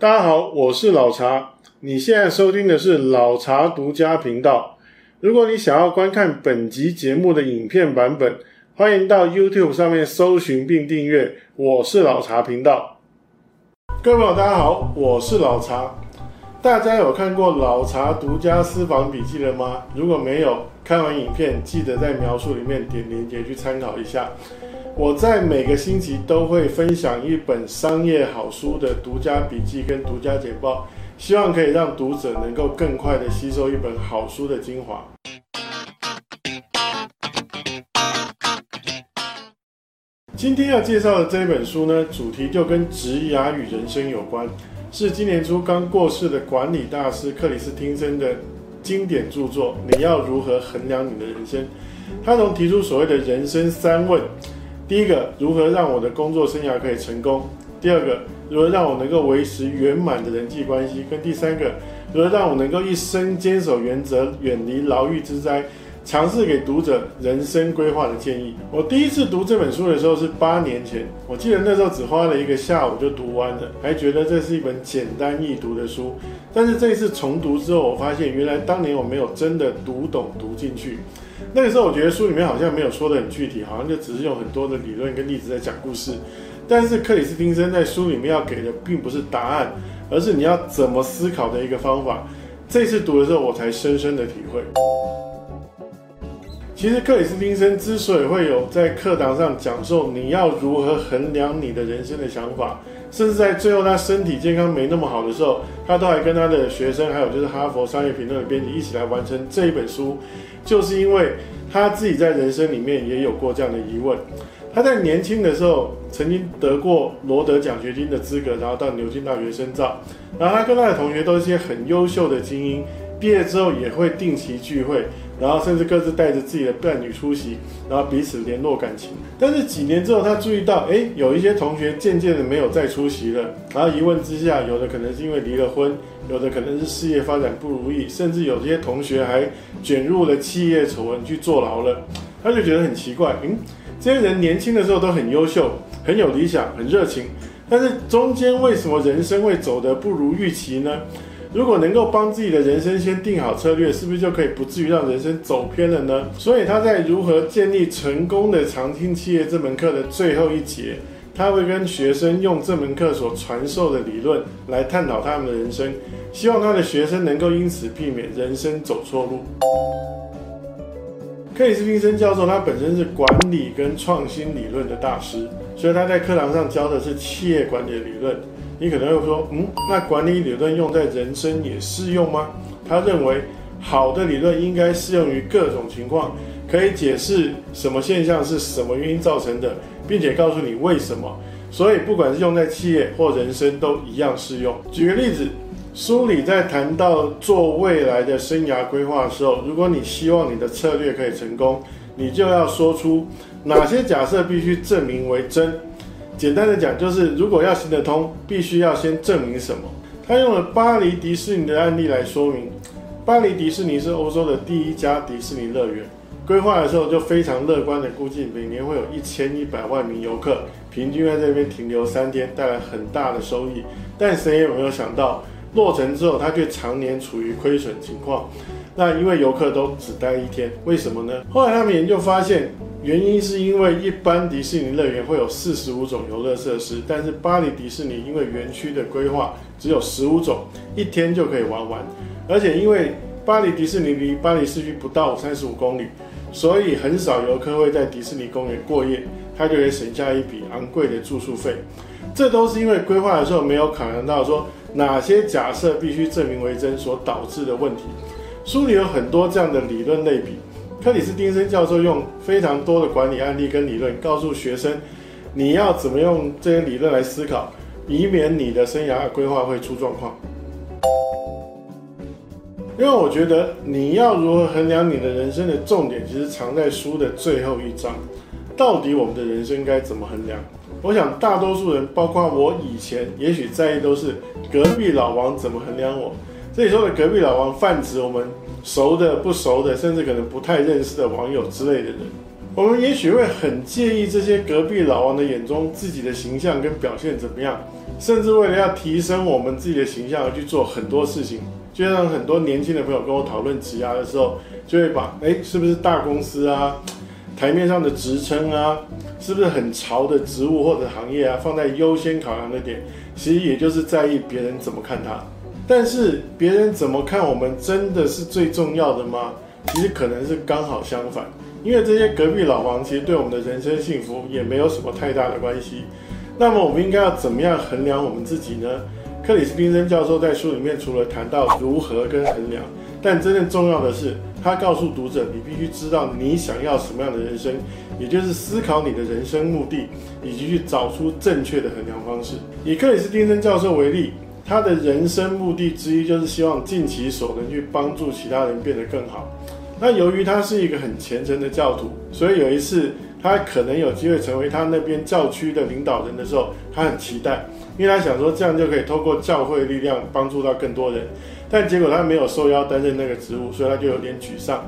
大家好，我是老查。你現在收聽的是老查讀家頻道。如果你想要觀看本集節目的影片版本，歡迎到 YouTube 上面搜尋並訂閱“我是老查頻道”。各位朋友，大家好，我是老查。大家有看過《老查讀家私房筆記》了嗎？如果沒有，看完影片記得在描述裡面點連結去參考一下。我在每個星期都會分享一本商業好書的獨家筆記跟獨家簡報，希望可以讓讀者能夠更快的吸收一本好書的精華。今天要介紹的這本書呢，主題就跟職涯與人生有關，是今年初剛過世的管理大師克里斯汀生的經典著作《你要如何衡量你的人生》。他從提出所謂的人生三問。第一個，如何讓我的工作生涯可以成功？第二個，如何讓我能夠維持圓滿的人際關係？跟第三個，如何讓我能夠一生堅守原則，遠離牢獄之災？嘗試給讀者人生規劃的建議。我第一次讀這本書的時候是八年前，我記得那時候只花了一個下午就讀完了，還覺得這是一本簡單易讀的書。但是這一次重讀之後，我發現原來當年我沒有真的讀懂、讀進去。那個時候我覺得書裡面好像沒有說得很具體，好像就只是用很多的理論跟例子在講故事。但是克里斯汀生在書裡面要給的並不是答案，而是你要怎麼思考的一個方法。這次讀的時候，我才深深的體會。其實克里斯汀生之所以會有在課堂上講授你要如何衡量你的人生的想法，甚至在最後他身體健康沒那麼好的時候，他都還跟他的學生，還有就是哈佛商業評論的編輯一起來完成這一本書，就是因為他自己在人生裡面也有過這樣的疑問。他在年輕的時候曾經得過羅德獎學金的資格，然後到牛津大學深造，然後他跟他的同學都是些很優秀的精英，畢業之後也會定期聚會。然後甚至各自帶着自己的伴侶出席，然後彼此聯絡感情。但是幾年之後，他注意到，誒，有一些同學漸漸的沒有再出席了。然後一問之下，有的可能是因為離了婚，有的可能是事業發展不如意，甚至有些同學還卷入了企業醜聞去坐牢了。他就覺得很奇怪，嗯，這些人年輕的時候都很優秀，很有理想，很熱情，但是中間為什麼人生會走得不如預期呢？如果能夠幫自己的人生先定好策略，是不是就可以不至於讓人生走偏了呢？所以他在如何建立成功的長青企業這門課的最後一節，他會跟學生用這門課所傳授的理論來探討他們的人生，希望他的學生能夠因此避免人生走錯路。克里斯汀生教授，他本身是管理跟創新理論的大師，所以他在課堂上教的是企業管理的理論。你可能會說，嗯，那管理理論用在人生也適用嗎？他認為，好的理論應該適用於各種情況，可以解釋什麼現象是什麼原因造成的，並且告訴你為什麼。所以不管是用在企業或人生都一樣適用。舉個例子。書裡在談到做未來的生涯規劃的時候，如果你希望你的策略可以成功，你就要說出哪些假設必須證明為真。簡單的講，就是如果要行得通，必須要先證明什麼。他用了巴黎迪士尼的案例來說明。巴黎迪士尼是歐洲的第一家迪士尼樂園，規劃的時候就非常樂觀的估計，每年會有一千一百萬名遊客，平均在這邊停留三天，帶來很大的收益。但誰也沒有想到。落成之後，它卻常年處於虧損情況。那因為遊客都只待一天，為什麼呢？後來他們研究發現，原因是因為一般迪士尼樂園會有四十五種遊樂設施，但是巴黎迪士尼因為園區的規劃只有十五種，一天就可以玩完。而且因為巴黎迪士尼離巴黎市區不到三十五公里，所以很少遊客會在迪士尼公園過夜，他就能省下一筆昂貴的住宿費。這都是因為規劃的時候沒有考量到說。哪些假設必須證明為真所導致的問題？書裡有很多這樣的理論類比。克里斯汀生教授用非常多的管理案例跟理論，告訴學生你要怎麼用這些理論來思考，以免你的生涯規劃會出狀況。因為我覺得你要如何衡量你的人生的重點，其實藏在書的最後一章。到底我們的人生該怎麼衡量？我想，大多數人，包括我以前，也許在意都是隔壁老王怎麼衡量我。這裡說的隔壁老王，泛指我們熟的、不熟的，甚至可能不太認識的網友之類的人。我們也許會很介意這些隔壁老王的眼中自己的形象跟表現怎麼樣，甚至為了要提升我們自己的形象而去做很多事情。就像很多年輕的朋友跟我討論職涯的時候，就會把哎，是不是大公司啊，臺面上的職稱啊，是不是很潮的職務或者行業啊，放在優先考量的點，其實也就是在意別人怎麼看他。但是別人怎麼看我們真的是最重要的嗎？其實可能是剛好相反，因為這些隔壁老王其實對我們的人生幸福也沒有什麼太大的關係。那麼我們應該要怎麼樣衡量我們自己呢？克里斯汀生教授在書裡面除了談到如何跟衡量，但真正重要的是。他告訴讀者，你必須知道你想要什麼樣的人生，也就是思考你的人生目的，以及去找出正確的衡量方式。以克里斯汀生教授為例，他的人生目的之一就是希望盡其所能去幫助其他人變得更好。那由於他是一個很虔誠的教徒，所以有一次他可能有機會成為他那邊教區的領導人的時候，他很期待，因為他想說這樣就可以透過教會力量幫助到更多人。但結果他沒有受邀擔任那個職務，所以他就有點沮喪。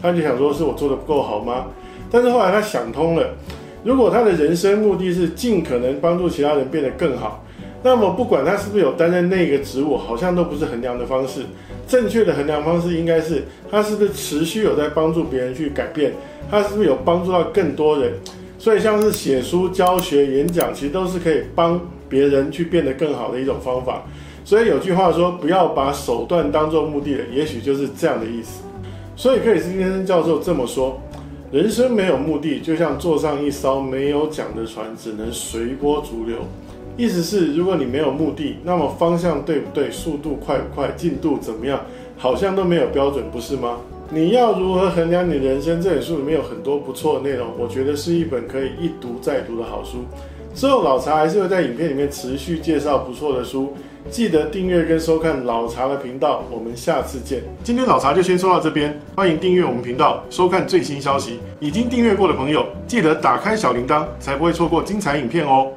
他就想說是我做得不夠好嗎？但是後來他想通了，如果他的人生目的是盡可能幫助其他人變得更好，那麼不管他是不是有擔任那個職務，好像都不是衡量的方式。正確的衡量方式應該是他是不是持續有在幫助別人去改變，他是不是有幫助到更多人。所以像是寫書、教學、演講，其實都是可以幫別人去變得更好的一種方法。所以有句話說：“不要把手段當做目的”，也許就是這樣的意思。所以克里斯汀生教授這麼說：“人生沒有目的，就像坐上一艘沒有槳的船，只能隨波逐流。”意思是，如果你沒有目的，那麼方向對不對、速度快不快、進度怎麼樣，好像都沒有標準，不是嗎？你要如何衡量你的人生？這本書裡面有很多不錯的內容，我覺得是一本可以一讀再讀的好書。之後，老查還是會在影片裡面持續介紹不錯的書，記得訂閱跟收看老查的頻道。我們下次見。今天老查就先說到這邊，歡迎訂閱我們頻道，收看最新消息。已經訂閱過的朋友，記得打開小鈴鐺，才不會錯過精彩影片哦。